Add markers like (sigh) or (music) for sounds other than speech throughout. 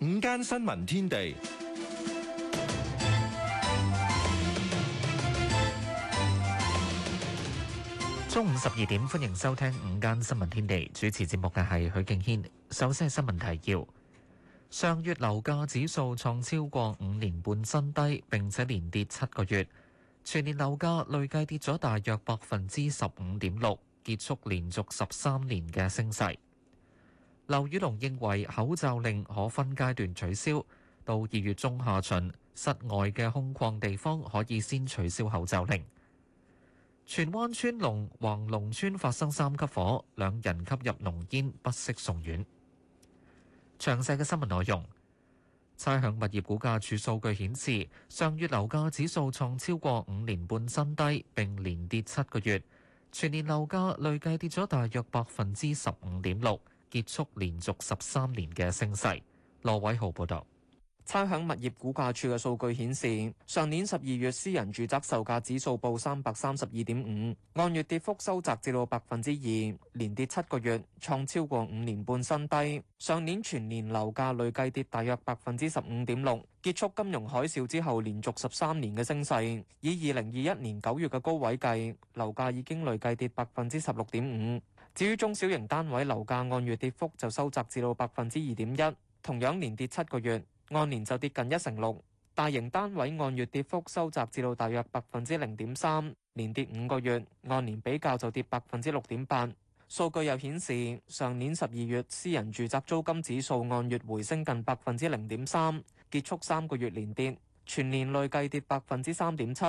午間新聞天地，中午 (music) 十二點歡迎收聽午間新聞天地。主持節目嘅係許敬軒。首先係新聞提要：上月樓價指數創超過五年半新低，並且連跌七個月。全年樓價累計跌咗大約百分之十五點六，結束連續十三年嘅升勢。劉宇隆認為口罩令可分階段取消，到二月中下旬，室外嘅空曠地方可以先取消口罩令。荃灣村龍黃龍村發生三級火，兩人吸入濃煙，不適送院。詳細嘅新聞內容，差餉物業估價署數據顯示，上月樓價指數創超過五年半新低，並連跌七個月，全年樓價累計跌咗大約百分之十五點六。結束連續十三年嘅升勢。羅偉豪報道，差餉物業估價署嘅數據顯示，上年十二月私人住宅售價指數報三百三十二點五，按月跌幅收窄至到百分之二，連跌七個月，創超過五年半新低。上年全年樓價累計跌大約百分之十五點六，結束金融海嘯之後連續十三年嘅升勢，以二零二一年九月嘅高位計，樓價已經累計跌百分之十六點五。至於中小型單位樓價按月跌幅就收窄至到百分之二點一，同樣連跌七個月，按年就跌近一成六。大型單位按月跌幅收窄至到大約百分之零點三，連跌五個月，按年比較就跌百分之六點八。數據又顯示，上年十二月私人住宅租金指數按月回升近百分之零點三，結束三個月連跌，全年累計跌百分之三點七。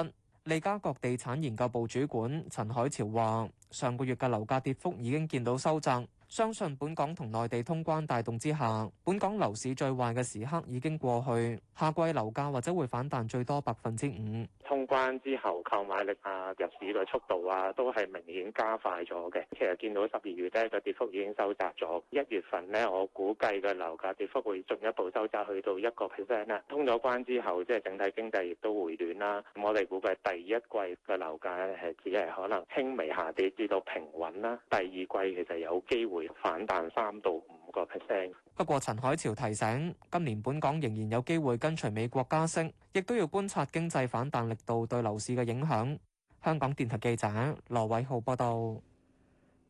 利嘉閣地產研究部主管陳海潮話：上個月嘅樓價跌幅已經見到收窄。相信本港同內地通關帶動之下，本港樓市最壞嘅時刻已經過去。下季樓價或者會反彈最多百分之五、啊啊。通關之後，購買力啊、入市嘅速度啊，都係明顯加快咗嘅。其實見到十二月咧個跌幅已經收窄咗，一月份呢，我估計嘅樓價跌幅會進一步收窄去到一個 percent 啦。通咗關之後，即係整體經濟亦都回暖啦。咁我哋估計第一季嘅樓價咧係只係可能輕微下跌至到平穩啦。第二季其實有機會。回反彈三到五個 percent。不過，陳海潮提醒，今年本港仍然有機會跟隨美國加息，亦都要觀察經濟反彈力度對樓市嘅影響。香港電台記者羅偉浩報道。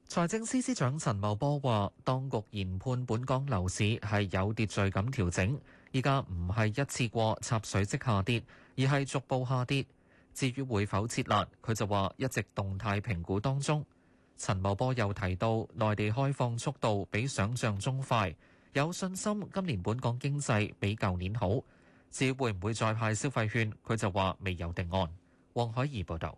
財政司司長陳茂波話，當局研判本港樓市係有秩序咁調整，依家唔係一次過插水式下跌，而係逐步下跌。至於會否設立，佢就話一直動態評估當中。陳茂波又提到，內地開放速度比想像中快，有信心今年本港經濟比舊年好。至於會唔會再派消費券，佢就話未有定案。黃海怡報導，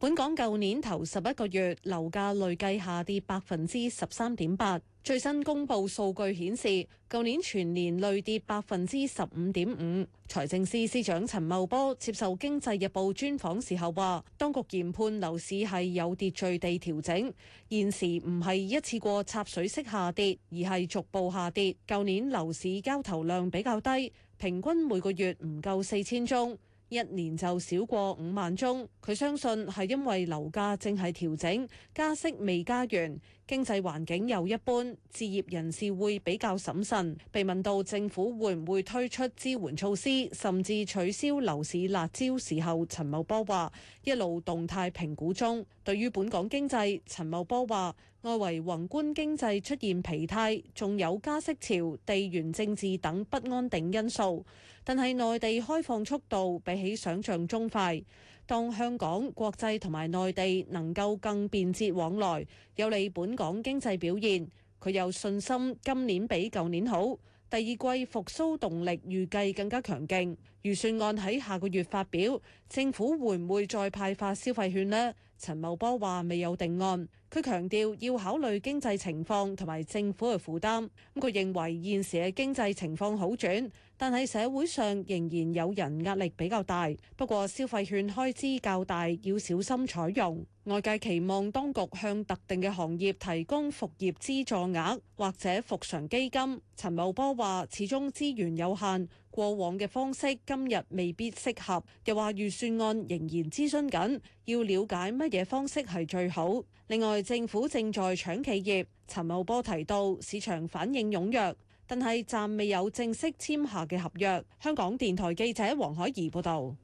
本港舊年頭十一個月樓價累計下跌百分之十三點八。最新公布數據顯示，舊年全年累跌百分之十五點五。財政司司長陳茂波接受《經濟日報》專訪時候話，當局研判樓市係有秩序地調整，現時唔係一次過插水式下跌，而係逐步下跌。舊年樓市交投量比較低，平均每個月唔夠四千宗。一年就少過五萬宗，佢相信係因為樓價正係調整，加息未加完，經濟環境又一般，置業人士會比較審慎。被問到政府會唔會推出支援措施，甚至取消樓市辣招時候，陳茂波話：一路動態評估中。對於本港經濟，陳茂波話：外圍宏觀經濟出現疲態，仲有加息潮、地緣政治等不安定因素。但係內地開放速度比起想象中快。當香港、國際同埋內地能夠更便捷往來，有利本港經濟表現。佢有信心今年比舊年好，第二季復甦動力預計更加強勁。預算案喺下個月發表，政府會唔會再派發消費券呢？陳茂波話：未有定案。佢強調要考慮經濟情況同埋政府嘅負擔。佢認為現時嘅經濟情況好轉。但係社會上仍然有人壓力比較大，不過消費券開支較大，要小心採用。外界期望當局向特定嘅行業提供復業資助額或者復常基金。陳茂波話：始終資源有限，過往嘅方式今日未必適合。又話預算案仍然諮詢緊，要了解乜嘢方式係最好。另外，政府正在搶企業。陳茂波提到市場反應踴躍。但係暫未有正式簽下嘅合約。香港電台記者黃海怡報導。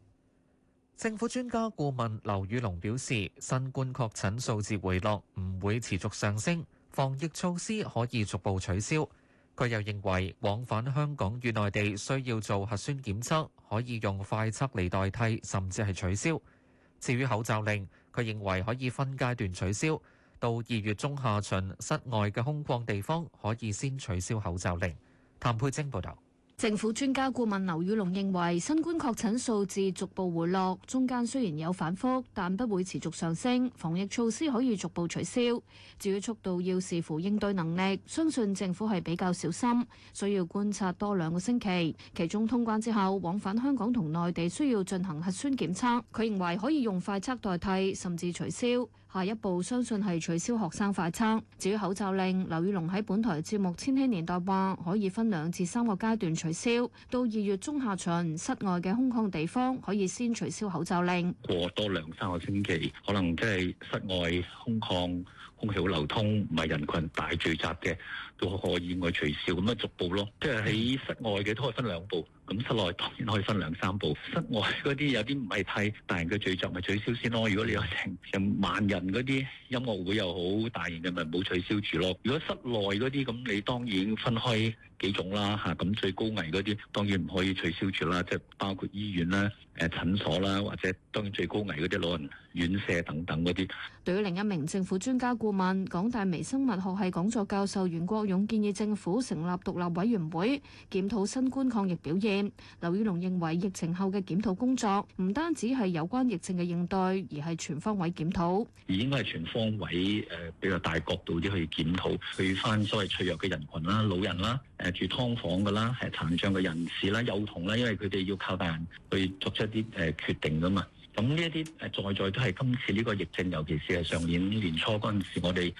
政府專家顧問劉宇龍表示，新冠確診數字回落，唔會持續上升，防疫措施可以逐步取消。佢又認為，往返香港與內地需要做核酸檢測，可以用快測嚟代替，甚至係取消。至於口罩令，佢認為可以分階段取消。到二月中下旬，室外嘅空曠地方可以先取消口罩令。譚佩貞報道。政府專家顧問劉宇龍認為，新冠確診數字逐步回落，中間雖然有反覆，但不會持續上升。防疫措施可以逐步取消，至於速度要視乎應對能力。相信政府係比較小心，需要觀察多兩個星期。其中通關之後，往返香港同內地需要進行核酸檢測，佢認為可以用快測代替，甚至取消。下一步相信係取消學生快測。至於口罩令，劉宇龍喺本台節目《千禧年代》話，可以分兩至三個階段取消。到二月中下旬，室外嘅空曠地方可以先取消口罩令。過多兩三個星期，可能即係室外空曠空氣好流通，唔係人群大聚集嘅，都可以外取消咁啊，逐步咯，即係喺室外嘅都可以分兩步。咁室內當然可以分兩三步，室外嗰啲有啲唔係太大型嘅聚集咪取消先咯。如果你有成萬人嗰啲音樂會又好，大型嘅咪冇取消住咯。如果室內嗰啲咁，你當然分開。幾種啦嚇，咁最高危嗰啲當然唔可以取消住啦，即係包括醫院啦、誒診所啦，或者當然最高危嗰啲老人院舍等等嗰啲。對於另一名政府專家顧問、港大微生物學系講座教授袁國勇建議政府成立獨立委員會檢討新冠抗疫表現。劉宇龍認為疫情後嘅檢討工作唔單止係有關疫情嘅應對，而係全方位檢討，而應該係全方位誒比較大角度啲去檢討，去翻所謂脆弱嘅人群啦、老人啦。誒住劏房㗎啦，係殘障嘅人士啦，幼童啦，因為佢哋要靠大人去作出一啲誒決定㗎嘛。咁呢一啲誒在在都係今次呢個疫症，尤其是係上年年初嗰陣時，我哋。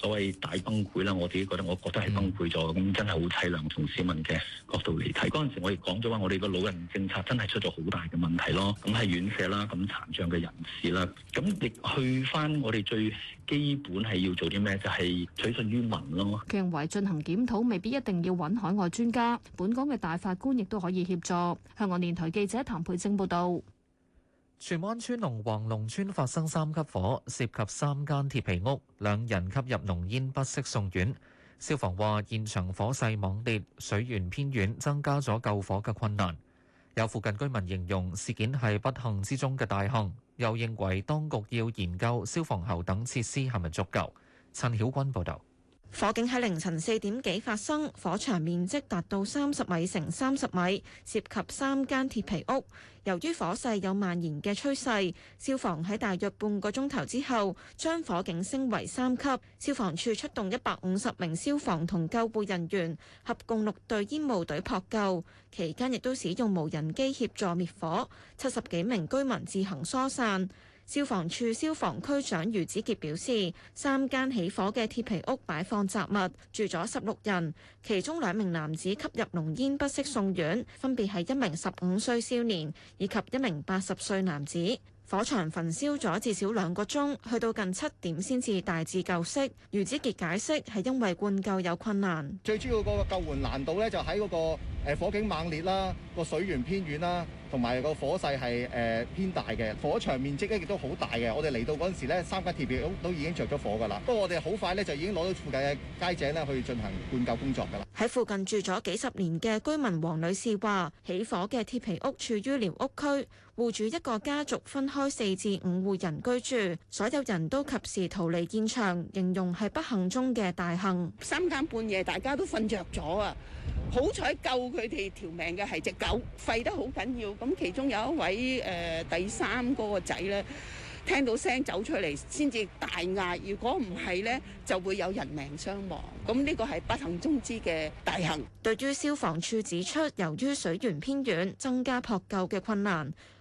所謂大崩潰啦，我自己覺得我覺得係崩潰咗咁，真係好凄涼，從市民嘅角度嚟睇嗰陣時我，我哋講咗話，我哋個老人政策真係出咗好大嘅問題咯。咁係院舍啦，咁殘障嘅人士啦，咁亦去翻我哋最基本係要做啲咩，就係、是、取信於民咯。認為進行檢討未必一定要揾海外專家，本港嘅大法官亦都可以協助。香港電台記者譚佩晶報道。荃灣村龍王龍村發生三級火，涉及三間鐵皮屋，兩人吸入濃煙不適送院。消防話現場火勢猛烈，水源偏遠，增加咗救火嘅困難。有附近居民形容事件係不幸之中嘅大幸，又認為當局要研究消防喉等設施係咪足夠。陳曉君報道。火警喺凌晨四點幾發生，火場面積達到三十米乘三十米，涉及三間鐵皮屋。由於火勢有蔓延嘅趨勢，消防喺大約半個鐘頭之後將火警升為三級，消防處出動一百五十名消防同救護人員，合共六隊煙霧隊撲救。期間亦都使用無人機協助滅火，七十幾名居民自行疏散。消防處消防區長余子傑表示，三間起火嘅鐵皮屋擺放雜物，住咗十六人，其中兩名男子吸入濃煙不適送院，分別係一名十五歲少年以及一名八十歲男子。火場焚燒咗至少兩個鐘，去到近七點先至大致救熄。余子傑解釋係因為灌救有困難，最主要個救援難度呢，就喺嗰個。誒火警猛烈啦，個水源偏遠啦，同埋個火勢係誒偏大嘅，火場面積咧亦都好大嘅。我哋嚟到嗰陣時咧，三間鐵皮屋都已經着咗火㗎啦。不過我哋好快咧就已經攞到附近嘅街井咧去進行灌救工作噶啦。喺附近住咗幾十年嘅居民黃女士話，起火嘅鐵皮屋處於寮屋區，戶主一個家族分開四至五戶人居住，所有人都及時逃離現場，形容係不幸中嘅大幸。三更半夜大家都瞓着咗啊，好彩救！佢哋條命嘅係隻狗，吠得好緊要。咁其中有一位誒第三哥個仔第三個仔咧，聽到聲走出嚟先至大嗌。如果唔係咧，就會有人命傷亡。咁呢個係不幸中之嘅大幸。對於消防處指出，由於水源偏遠，增加撲救嘅困難。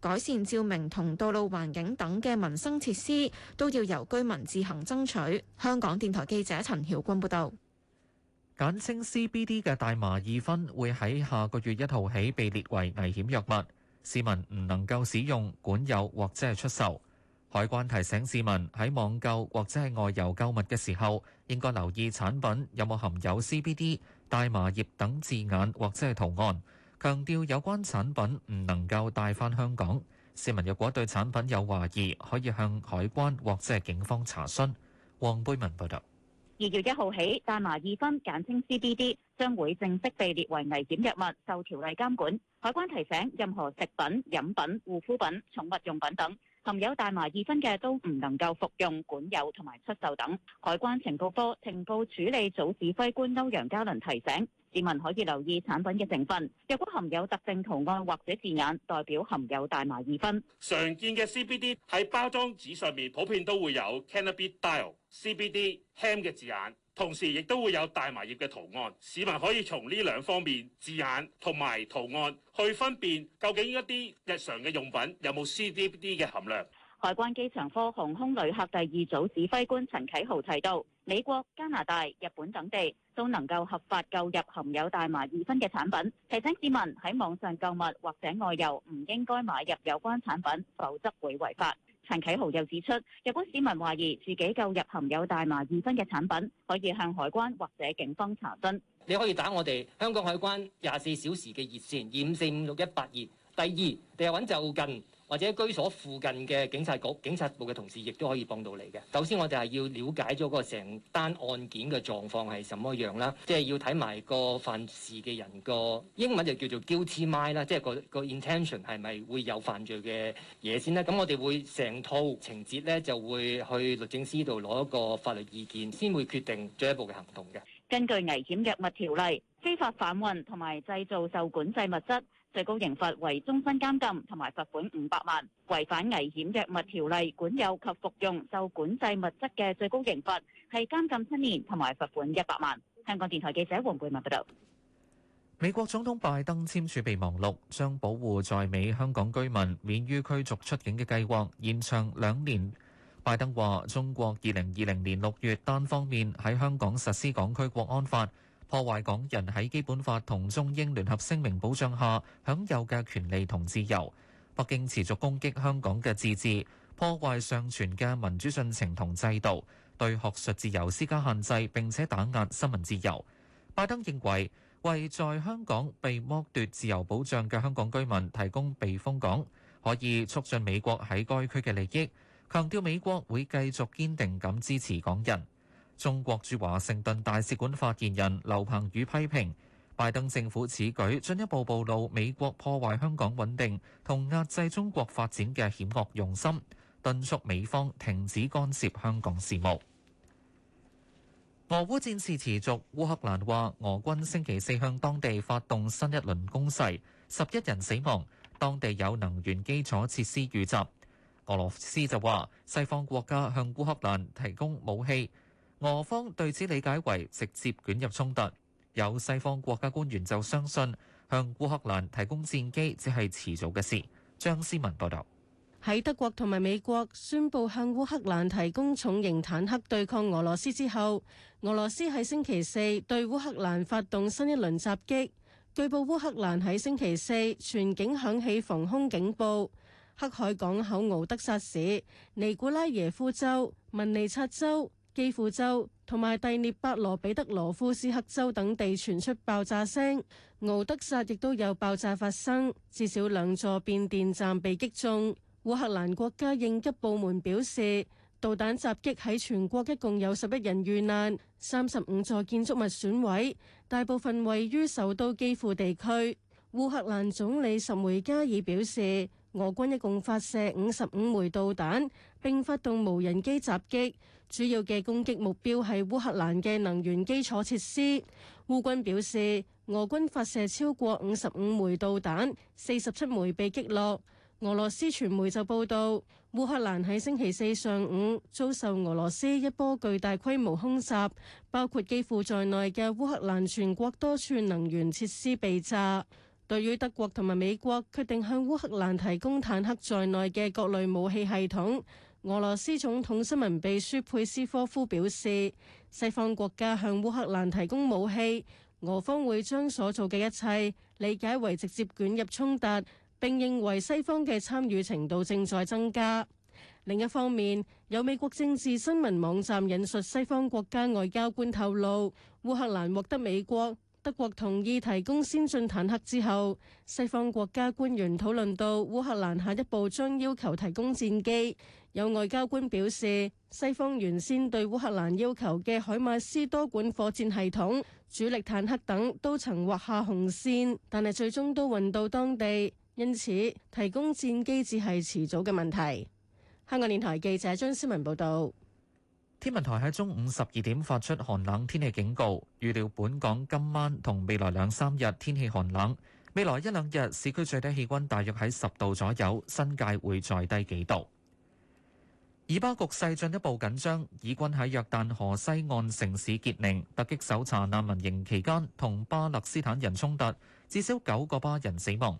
改善照明同道路環境等嘅民生設施都要由居民自行爭取。香港電台記者陳曉君報導。簡稱 CBD 嘅大麻二酚會喺下個月一號起被列為危險藥物，市民唔能夠使用、管有或者係出售。海關提醒市民喺網購或者係外遊購物嘅時候，應該留意產品有冇含有 CBD、大麻葉等字眼或者係圖案。強調有關產品唔能夠帶返香港，市民若果對產品有懷疑，可以向海關或者係警方查詢。黃貝文報道：「二月一號起，大麻二酚，簡稱 CBD，將會正式被列為危險藥物，受條例監管。海關提醒，任何食品、飲品、護膚品、寵物用品等含有大麻二酚嘅都唔能夠服用、管有同埋出售等。海關情報科情報處理組指揮官歐陽嘉倫提醒。市民可以留意產品嘅成分，若果含有特徵圖案或者字眼，代表含有大麻二酚。常見嘅 CBD 喺包裝紙上面普遍都會有 cannabidiol CBD hemp 嘅字眼，同時亦都會有大麻葉嘅圖案。市民可以從呢兩方面字眼同埋圖案去分辨，究竟一啲日常嘅用品有冇 CBD 嘅含量。海關機場科航空旅客第二組指揮官陳啟豪提到。美國、加拿大、日本等地都能夠合法購入含有大麻二酚嘅產品，提醒市民喺網上購物或者外遊唔應該買入有關產品，否則會違法。陳啟豪又指出，日本市民懷疑自己購入含有大麻二酚嘅產品，可以向海關或者警方查詢。你可以打我哋香港海關廿四小時嘅熱線二五四五六一八二。第二，你又揾就近，或者居所附近嘅警察局、警察部嘅同事亦都可以幫到你嘅。首先，我哋係要了解咗個成單案件嘅狀況係什麼樣啦，即係要睇埋個犯事嘅人個英文就叫做 guilty mind 啦，即係個個 intention 係咪會有犯罪嘅嘢先啦。咁我哋會成套情節咧就會去律政司度攞一個法律意見，先會決定進一步嘅行動嘅。根據危險藥物條例，非法販運同埋製造受管制物質。最高刑罰為終身監禁同埋罰款五百萬。違反危險藥物條例管有及服用受管制物質嘅最高刑罰係監禁七年同埋罰款一百萬。香港電台記者黃貝文報道。美國總統拜登簽署備忘錄，將保護在美香港居民免於驅逐出境嘅計劃延長兩年。拜登話：中國二零二零年六月單方面喺香港實施港區國安法。破壞港人喺基本法同中英聯合聲明保障下享有嘅權利同自由。北京持續攻擊香港嘅自治，破壞尚存嘅民主進程同制度，對學術自由施加限制，並且打壓新聞自由。拜登認為，為在香港被剝奪自由保障嘅香港居民提供避風港，可以促進美國喺該區嘅利益，強調美國會繼續堅定咁支持港人。中國駐華盛頓大使館發言人劉鵬宇批評拜登政府此舉進一步暴露美國破壞香港穩定同壓制中國發展嘅險惡用心，敦促美方停止干涉香港事務。俄烏戰事持續，烏克蘭話俄軍星期四向當地發動新一輪攻勢，十一人死亡，當地有能源基礎設施遇襲。俄羅斯就話西方國家向烏克蘭提供武器。俄方對此理解為直接捲入衝突。有西方國家官員就相信，向烏克蘭提供戰機只係遲早嘅事。張思文報導，喺德國同埋美國宣布向烏克蘭提供重型坦克對抗俄羅斯之後，俄羅斯喺星期四對烏克蘭發動新一輪襲擊。據報，烏克蘭喺星期四全境響起防空警報，黑海港口奧德薩市、尼古拉耶夫州、文尼察州、基輔州同埋蒂涅伯羅彼得羅夫斯克州等地傳出爆炸聲，敖德薩亦都有爆炸發生，至少兩座變電站被擊中。烏克蘭國家應急部門表示，導彈襲擊喺全國一共有十一人遇難，三十五座建築物損毀，大部分位於首都基輔地區。烏克蘭總理什梅加爾表示。俄軍一共發射五十五枚導彈，並發動無人機襲擊，主要嘅攻擊目標係烏克蘭嘅能源基礎設施。烏軍表示，俄軍發射超過五十五枚導彈，四十七枚被擊落。俄羅斯傳媒就報道，烏克蘭喺星期四上午遭受俄羅斯一波巨大規模空襲，包括基輔在內嘅烏克蘭全國多處能源設施被炸。對於德國同埋美國決定向烏克蘭提供坦克在內嘅各類武器系統，俄羅斯總統新聞秘書佩斯科夫表示，西方國家向烏克蘭提供武器，俄方會將所做嘅一切理解為直接捲入衝突，並認為西方嘅參與程度正在增加。另一方面，有美國政治新聞網站引述西方國家外交官透露，烏克蘭獲得美國。德國同意提供先進坦克之後，西方國家官員討論到烏克蘭下一步將要求提供戰機。有外交官表示，西方原先對烏克蘭要求嘅海馬斯多管火箭系統、主力坦克等都曾劃下紅線，但係最終都運到當地，因此提供戰機只係遲早嘅問題。香港電台記者張思文報道。天文台喺中午十二點發出寒冷天氣警告，預料本港今晚同未來兩三日天氣寒冷。未來一兩日市區最低氣温大約喺十度左右，新界會再低幾度。以巴局勢進一步緊張，以軍喺約旦河西岸城市傑寧突擊搜查難民營期間，同巴勒斯坦人衝突，至少九個巴人死亡。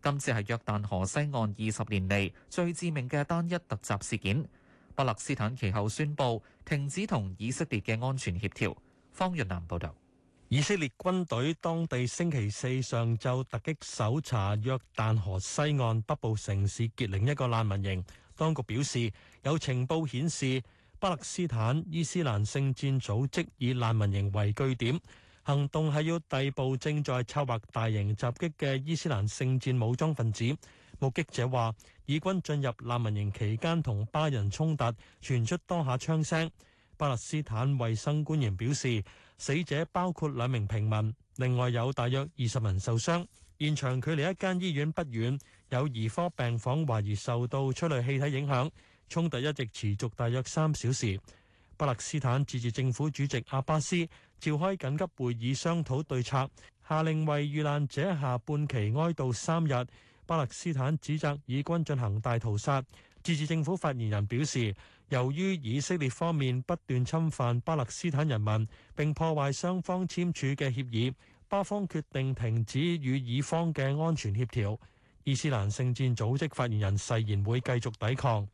今次係約旦河西岸二十年嚟最致命嘅單一突襲事件。巴勒斯坦其後宣布停止同以色列嘅安全協調。方若南報導，以色列軍隊當地星期四上晝突擊搜查約旦河西岸北部城市傑寧一個難民營。當局表示，有情報顯示巴勒斯坦伊斯蘭聖戰組織以難民營為據點，行動係要逮捕正在策劃大型襲擊嘅伊斯蘭聖戰武裝分子。目擊者話，以軍進入難民營期間同巴人衝突，傳出多下槍聲。巴勒斯坦衛生官員表示，死者包括兩名平民，另外有大約二十人受傷。現場距離一間醫院不遠，有兒科病房懷疑受到催淚氣體影響。衝突一直持續大約三小時。巴勒斯坦自治政府主席阿巴斯召開緊急會議，商討對策，下令為遇難者下半旗哀悼三日。巴勒斯坦指責以軍進行大屠殺，自治政府發言人表示，由於以色列方面不斷侵犯巴勒斯坦人民並破壞雙方簽署嘅協議，巴方決定停止與以方嘅安全協調。伊斯蘭聖戰組織發言人誓言會繼續抵抗。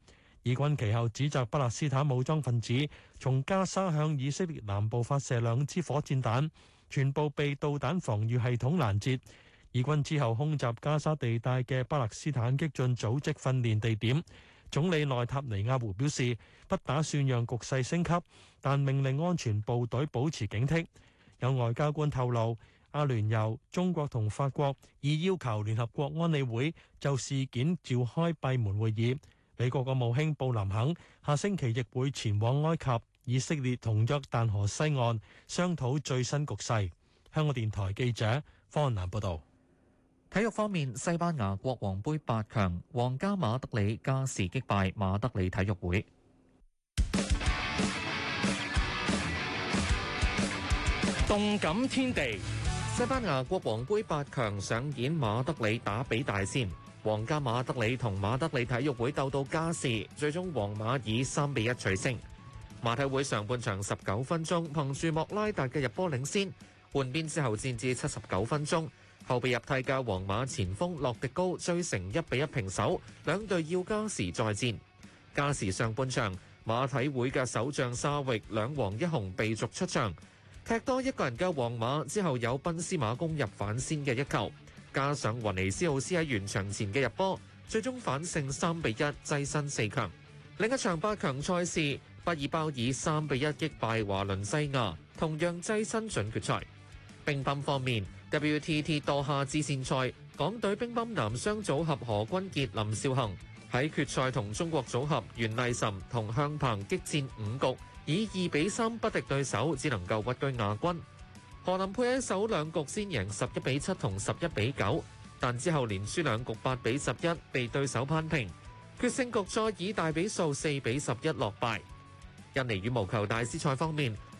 以軍其後指責巴勒斯坦武裝分子從加沙向以色列南部發射兩支火箭彈，全部被導彈防禦系統攔截。以軍之後空襲加沙地帶嘅巴勒斯坦激進組織訓練地點，總理內塔尼亞胡表示不打算讓局勢升級，但命令安全部隊保持警惕。有外交官透露，阿聯酋、中國同法國已要求聯合國安理會就事件召開閉門會議。美國國務卿布林肯下星期亦會前往埃及、以色列同約旦河西岸商討最新局勢。香港電台記者方南報道。體育方面，西班牙國王盃八強皇家馬德里加時擊敗馬德里體育會。動感天地，西班牙國王盃八強上演馬德里打比大戰，皇家馬德里同馬德里體育會鬥到加時，最終皇馬以三比一取勝。馬體會上半場十九分鐘憑住莫拉達嘅入波領先，換邊之後戰至七十九分鐘。後備入替嘅皇馬前鋒洛迪高追成一比一平手，兩隊要加時再戰。加時上半場，馬體會嘅首將沙域兩黃一紅被逐出場，踢多一個人嘅皇馬之後有賓斯馬攻入反先嘅一球，加上雲尼斯奧斯喺完場前嘅入波，最終反勝三比一躋身四強。另一場八強賽事，畢爾包以三比一擊敗華倫西亞，同樣躋身準決賽。乒乓方面。WTT 多哈支線賽，港隊乒乓男雙組合何君傑、林少恒喺決賽同中國組合袁勵岑同向鵬激戰五局，以二比三不敵對手，只能夠屈居亞軍。何林配喺首兩局先贏十一比七同十一比九，但之後連輸兩局八比十一被對手扳平，決勝局再以大比數四比十一落敗。印尼羽毛球大師賽方面。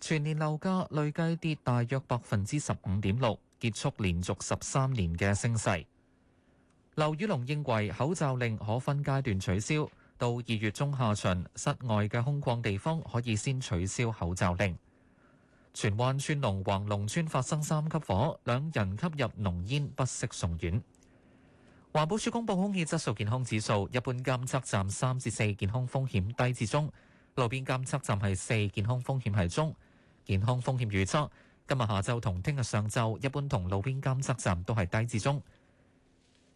全年樓價累計跌大約百分之十五點六，結束連續十三年嘅升勢。劉宇龍認為口罩令可分階段取消，到二月中下旬，室外嘅空曠地方可以先取消口罩令。荃灣川龍、橫龍村發生三級火，兩人吸入濃煙不適送院。環保署公布空氣質素健康指數，一般監測站三至四，健康風險低至中；路邊監測站係四，健康風險係中。健康風險預測，今日下晝同聽日上晝，一般同路邊監測站都係低至中。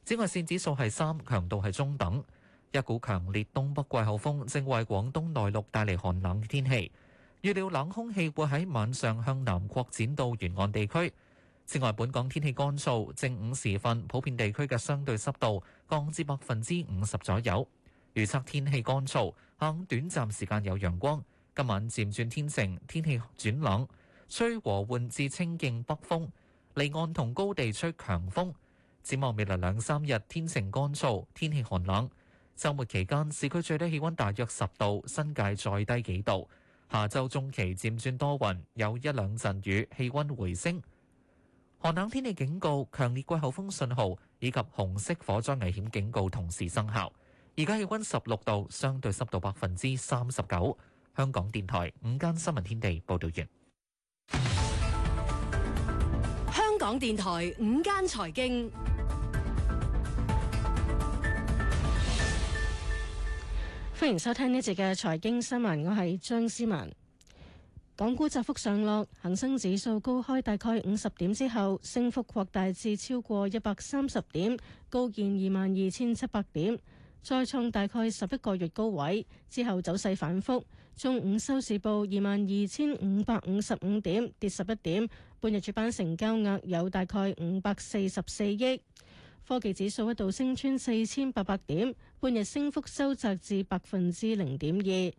紫外線指數係三，強度係中等。一股強烈東北季候風正為廣東內陸帶嚟寒冷嘅天氣，預料冷空氣會喺晚上向南擴展到沿岸地區。此外，本港天氣乾燥，正午時分普遍地區嘅相對濕度降至百分之五十左右。預測天氣乾燥，下午短暫時間有陽光。今晚漸轉天晴，天氣轉冷，吹和緩至清勁北風，離岸同高地吹強風。展望未來兩三日天晴乾燥，天氣寒冷。週末期間市區最低氣温大約十度，新界再低幾度。下周中期漸轉多雲，有一兩陣雨，氣温回升。寒冷天氣警告、強烈季候風信號以及紅色火災危險警告同時生效。而家氣温十六度，相對濕度百分之三十九。香港電台午間新聞天地報道完。香港電台午間財經，歡迎收聽呢節嘅財經新聞。我係張思文。港股窄幅上落，恒生指數高開大概五十點之後，升幅擴大至超過一百三十點，高見二萬二千七百點，再創大概十一個月高位之後走勢反覆，走勢反覆中午收市報二萬二千五百五十五點，跌十一點。半日主板成交額有大概五百四十四億。科技指數一度升穿四千八百點，半日升幅收窄至百分之零點二。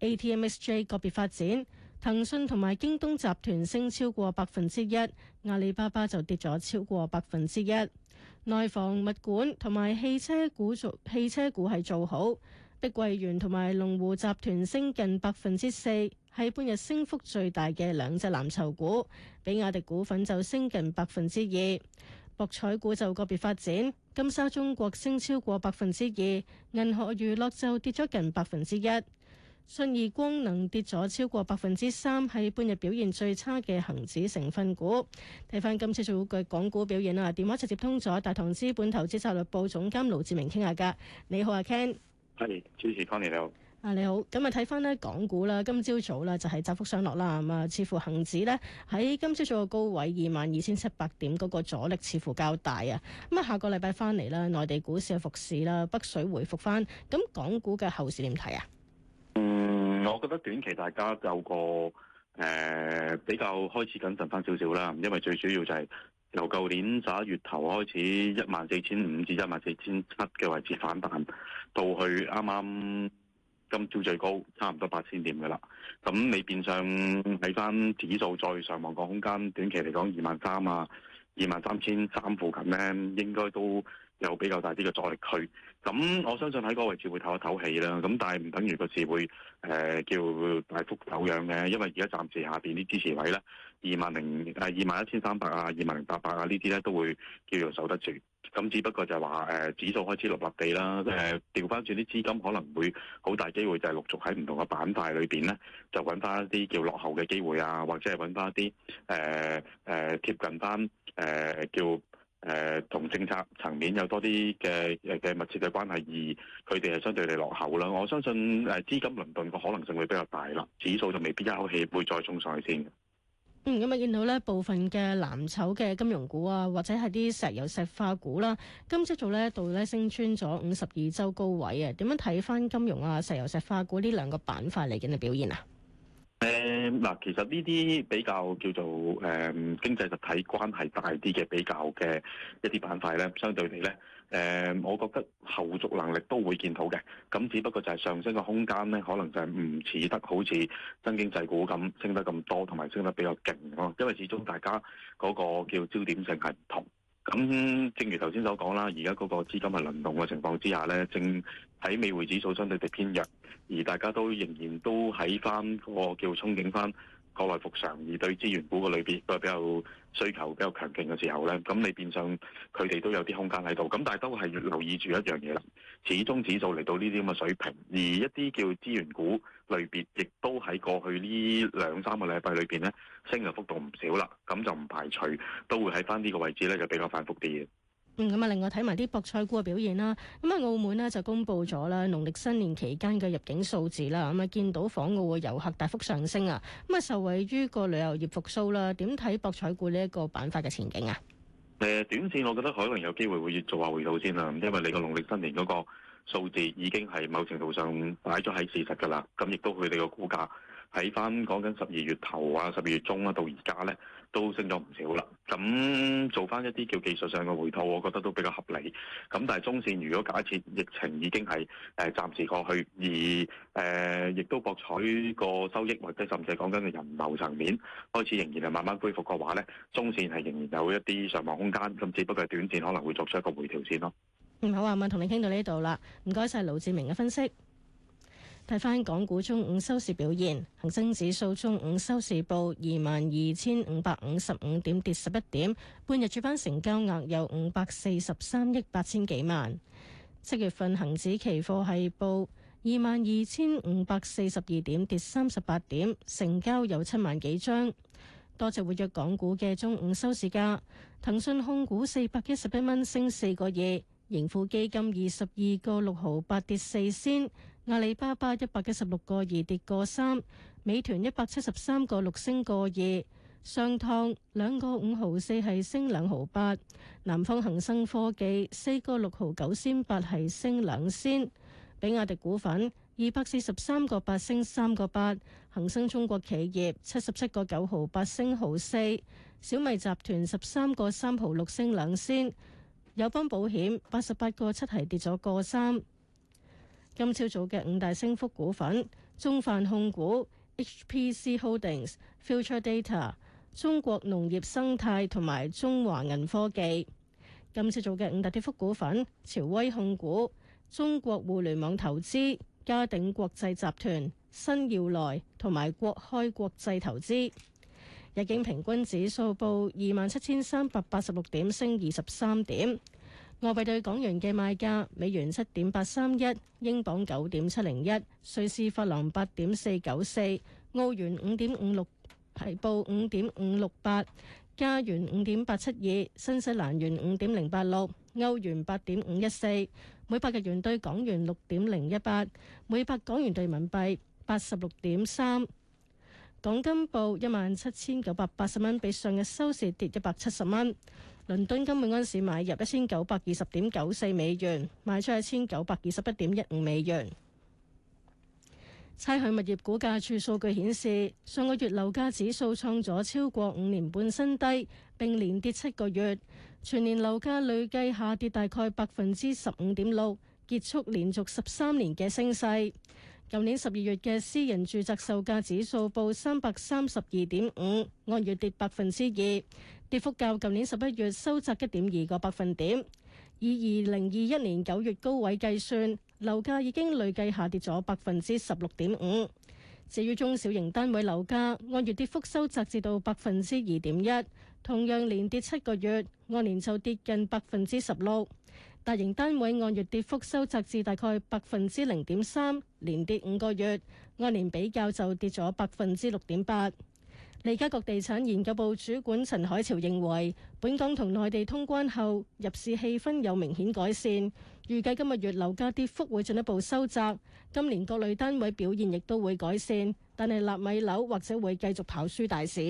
ATM、SJ 個別發展，騰訊同埋京東集團升超過百分之一，阿里巴巴就跌咗超過百分之一。內房物管同埋汽車股做，汽車股係做好。碧桂園同埋龍湖集團升近百分之四，係半日升幅最大嘅兩隻藍籌股。比亞迪股份就升近百分之二，博彩股就個別發展。金沙中國升超過百分之二，銀河娛樂就跌咗近百分之一。信義光能跌咗超過百分之三，係半日表現最差嘅恒指成分股。睇翻今次數據，港股表現啊，電話就接通咗大同資本投資策略部總監盧志明傾下㗎。你好，阿 Ken。主持康年，你好，啊，你好，咁啊睇翻咧港股啦，今朝早啦就係窄幅上落啦，咁啊似乎恒指咧喺今朝早嘅高位二萬二千七百點嗰個阻力似乎較大啊，咁啊下個禮拜翻嚟，啦，內地股市嘅復市啦，北水回復翻，咁港股嘅後市點睇啊？嗯，我覺得短期大家有個誒、呃、比較開始謹慎翻少少啦，因為最主要就係、是。由舊年十一月頭開始，一萬四千五至一萬四千七嘅位置反彈，到去啱啱今朝最高差唔多八千點嘅啦。咁你變相睇返指數再上望個空間，短期嚟講二萬三啊，二萬三千三附近咧，應該都，有比較大啲嘅阻力區，咁我相信喺嗰個位置會唞一唞氣啦。咁但係唔等於個市會誒、呃、叫大幅走樣嘅，因為而家暫時下邊啲支持位咧，二萬零啊、呃、二萬一千三百啊，二萬零八百啊呢啲咧都會叫做守得住。咁只不過就係話誒指數開始落落地啦，誒、呃、調翻轉啲資金可能會好大機會就係陸續喺唔同嘅板塊裏邊咧，就揾翻一啲叫落後嘅機會啊，或者係揾翻一啲誒誒貼近翻誒、呃、叫。誒、呃，同政策層面有多啲嘅誒嘅密切嘅關係，而佢哋係相對地落後啦。我相信誒資、呃、金輪動嘅可能性會比較大啦，指數就未必一口氣會再衝上去先嘅。嗯，咁啊，見到咧部分嘅藍籌嘅金融股啊，或者係啲石油石化股啦、啊，今朝早呢一度咧升穿咗五十二周高位啊。點樣睇返金融啊、石油石化股呢兩個板塊嚟緊嘅表現啊？誒，嗱、嗯，其實呢啲比較叫做誒、嗯、經濟實體關係大啲嘅比較嘅一啲板塊咧，相對嚟咧，誒、嗯，我覺得後續能力都會見到嘅，咁只不過就係上升嘅空間咧，可能就係唔似得好似新經濟股咁升得咁多，同埋升得比較勁咯，因為始終大家嗰個叫焦點性係唔同。咁正如頭先所講啦，而家嗰個資金係輪動嘅情況之下，呢正喺美匯指數相對地偏弱，而大家都仍然都喺翻個叫憧憬翻，國內復常，而對資源股個類別都係比較需求比較強勁嘅時候咧，咁你變相佢哋都有啲空間喺度，咁但係都係要留意住一樣嘢，始終指數嚟到呢啲咁嘅水平，而一啲叫資源股類別亦都喺過去呢兩三個禮拜裏邊咧，升嘅幅度唔少啦，咁就唔排除都會喺翻呢個位置咧就比較反覆啲嘅。咁啊，另外睇埋啲博彩股嘅表現啦。咁啊，澳門呢就公布咗啦，農曆新年期間嘅入境數字啦。咁啊，見到訪澳嘅遊客大幅上升啊。咁啊，受惠於個旅遊業復甦啦。點睇博彩股呢一個板塊嘅前景啊？誒，短線我覺得可能有機會會做下回頭先啦，因為你個農曆新年嗰個數字已經係某程度上擺咗喺事實噶啦。咁亦都佢哋個股價喺翻講緊十二月頭啊、十二月中啊，到而家咧。都升咗唔少啦，咁做翻一啲叫技術上嘅回吐，我覺得都比較合理。咁但係中線，如果假設疫情已經係誒暫時過去，而誒、呃、亦都博取個收益，或者甚至係講緊嘅人流層面開始仍然係慢慢恢復嘅話咧，中線係仍然有一啲上望空間，咁只不過係短線可能會作出一個回調先咯。嗯，好啊，咁、嗯、同你傾到呢度啦，唔該晒，盧志明嘅分析。睇翻港股中午收市表現，恒生指數中午收市報二萬二千五百五十五點，跌十一點。半日主板成交額有五百四十三億八千幾萬。七月份恒指期貨係報二萬二千五百四十二點，跌三十八點，成交有七萬幾張。多隻活躍港股嘅中午收市價，騰訊控股四百一十一蚊升四個二，盈富基金二十二個六毫八跌四仙。阿里巴巴一百一十六個二跌個三，美團一百七十三個六升個二，上趟兩個五毫四係升兩毫八，南方恒生科技四個六毫九仙八係升兩仙，比亞迪股份二百四十三個八升三個八，恒生中國企業七十七個九毫八升毫四，小米集團十三個三毫六升兩仙，友邦保險八十八個七係跌咗個三。今朝早嘅五大升幅股份：中泛控股、HPC Holdings、Future Data、中國農業生態同埋中華銀科技。今朝早嘅五大跌幅股份：朝威控股、中國互聯網投資、嘉鼎國際集團、新耀來同埋國開國際投資。日經平均指數報二萬七千三百八十六點，升二十三點。外幣對港元嘅賣價：美元七點八三一，英鎊九點七零一，瑞士法郎八點四九四，澳元五點五六，係報五點五六八，加元五點八七二，新西蘭元五點零八六，歐元八點五一四，每百日元對港元六點零一八，每百港元對人民幣八十六點三。港金報一萬七千九百八十蚊，比上日收市跌一百七十蚊。倫敦金每盎司買入一千九百二十點九四美元，賣出一千九百二十一點一五美元。差餉物業估價署數據顯示，上個月樓價指數創咗超過五年半新低，並連跌七個月。全年樓價累計下跌大概百分之十五點六，結束連續十三年嘅升勢。舊年十二月嘅私人住宅售價指數報三百三十二點五，按月跌百分之二。跌幅較舊年十一月收窄一點二個百分點，以二零二一年九月高位計算，樓價已經累計下跌咗百分之十六點五。至於中小型單位樓價，按月跌幅收窄至到百分之二點一，同樣連跌七個月，按年就跌近百分之十六。大型單位按月跌幅收窄至大概百分之零點三，連跌五個月，按年比較就跌咗百分之六點八。李家國地產研究部主管陳海潮認為，本港同內地通關後，入市氣氛有明顯改善，預計今個月樓價跌幅會進一步收窄，今年各類單位表現亦都會改善，但係納米樓或者會繼續跑輸大市。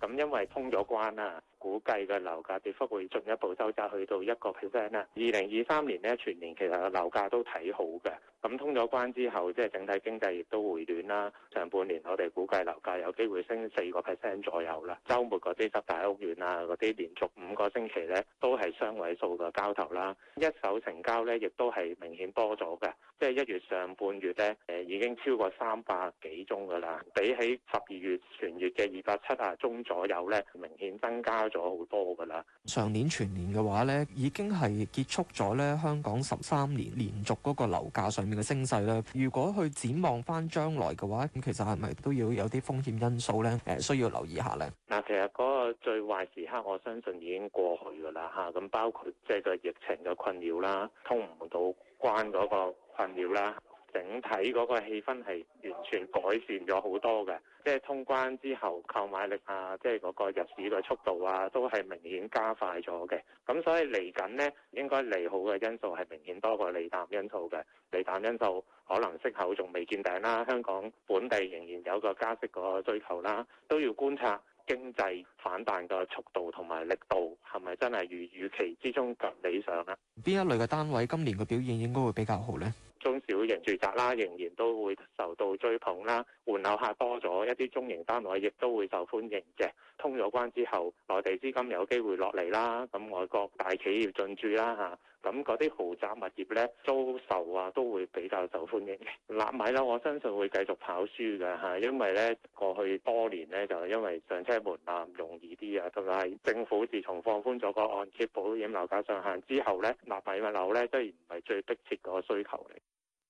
咁因為通咗關啦。估計嘅樓價跌幅會進一步收窄，去到一個 percent 啦。二零二三年咧，全年其實個樓價都睇好嘅。咁通咗關之後，即係整體經濟亦都回暖啦。上半年我哋估計樓價有機會升四個 percent 左右啦。周末嗰啲十大屋苑啊，嗰啲連續五個星期呢都係雙位數嘅交投啦。一手成交呢亦都係明顯多咗嘅。即係一月上半月呢，誒已經超過三百幾宗㗎啦。比起十二月全月嘅二百七啊宗左右呢，明顯增加。咗好多噶啦，上年全年嘅話咧，已經係結束咗咧，香港十三年連續嗰個樓價上面嘅升勢啦。如果去展望翻將來嘅話，咁其實係咪都要有啲風險因素咧？誒，需要留意下咧。嗱，其實嗰個最壞時刻，我相信已經過去噶啦吓。咁包括即係個疫情嘅困擾啦，通唔到關嗰個困擾啦。整體嗰個氣氛係完全改善咗好多嘅，即係通關之後購買力啊，即係嗰個入市嘅速度啊，都係明顯加快咗嘅。咁所以嚟緊咧，應該利好嘅因素係明顯多過利淡因素嘅。利淡因素可能息口仲未見頂啦，香港本地仍然有個加息個追求啦，都要觀察經濟反彈嘅速度同埋力度係咪真係如預期之中咁理想啊，邊一類嘅單位今年嘅表現應該會比較好咧？中小型住宅啦，仍然都會受到追捧啦。換樓客多咗，一啲中型單位亦都會受歡迎嘅。通咗關之後，內地資金有機會落嚟啦。咁外國大企業進駐啦嚇，咁嗰啲豪宅物業咧，租售啊都會比較受歡迎嘅。納米啦，我相信會繼續跑輸㗎嚇，因為咧，過去多年咧，就係因為上車門檻容易啲啊，同埋政府自從放寬咗個按揭保險樓價上限之後咧，納米物樓咧雖然唔係最迫切個需求嚟。